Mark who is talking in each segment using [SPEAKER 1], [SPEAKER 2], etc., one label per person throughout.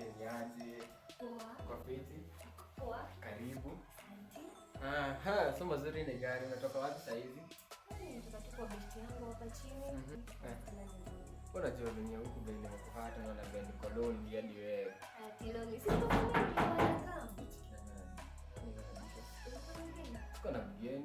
[SPEAKER 1] Niambie ni aje? Poa. Kwa fiti? Poa. Karibu. Aha, so mazuri ni gari. Unatoka wapi sasa hivi?
[SPEAKER 2] kwa mhm. eh.
[SPEAKER 1] Unajua dunia huku vile nimekupata na nambia ni koloni hadi wewe.
[SPEAKER 2] Ah, ati loni
[SPEAKER 1] kwa mgeni.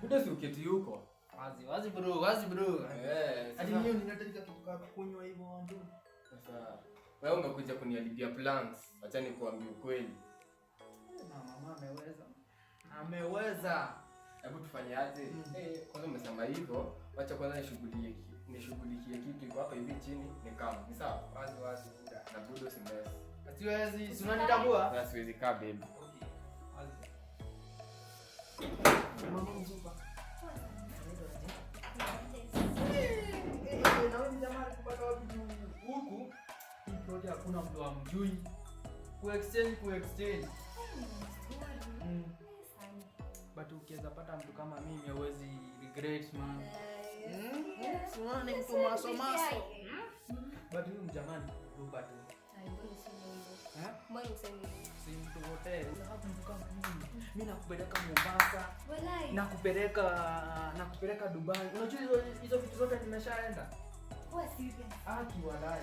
[SPEAKER 1] Buda si uketi yuko.
[SPEAKER 3] Wazi wazi bro, wazi bro. Eh. Hadi mimi ninataka kutoka kunywa hivyo wangu.
[SPEAKER 1] Sasa wewe umekuja kuniharibia plans. Acha nikuambie ukweli.
[SPEAKER 3] Eh, mama ameweza. Ameweza.
[SPEAKER 1] Hebu tufanye aje? Hmm. Eh, kwanza umesema hivyo, acha kwanza nishughulikie nishughulikie kitu iko hapa hivi chini ni kama. Ni sawa? Wazi wazi Na Buda si mess.
[SPEAKER 3] Atiwezi, si unanitambua?
[SPEAKER 1] Na Siwezi kaa baby.
[SPEAKER 3] mtoto hakuna mtu amjui. Ku exchange ku exchange. Mm. But ukiweza pata mtu kama mimi hawezi regret man. mtu maso maso. But huyu mjamani ruka tu. Si mtu wote. Mimi nakupeleka Mombasa. Nakupeleka nakupeleka Dubai. Unajua hizo vitu zote nimeshaenda. Akiwalai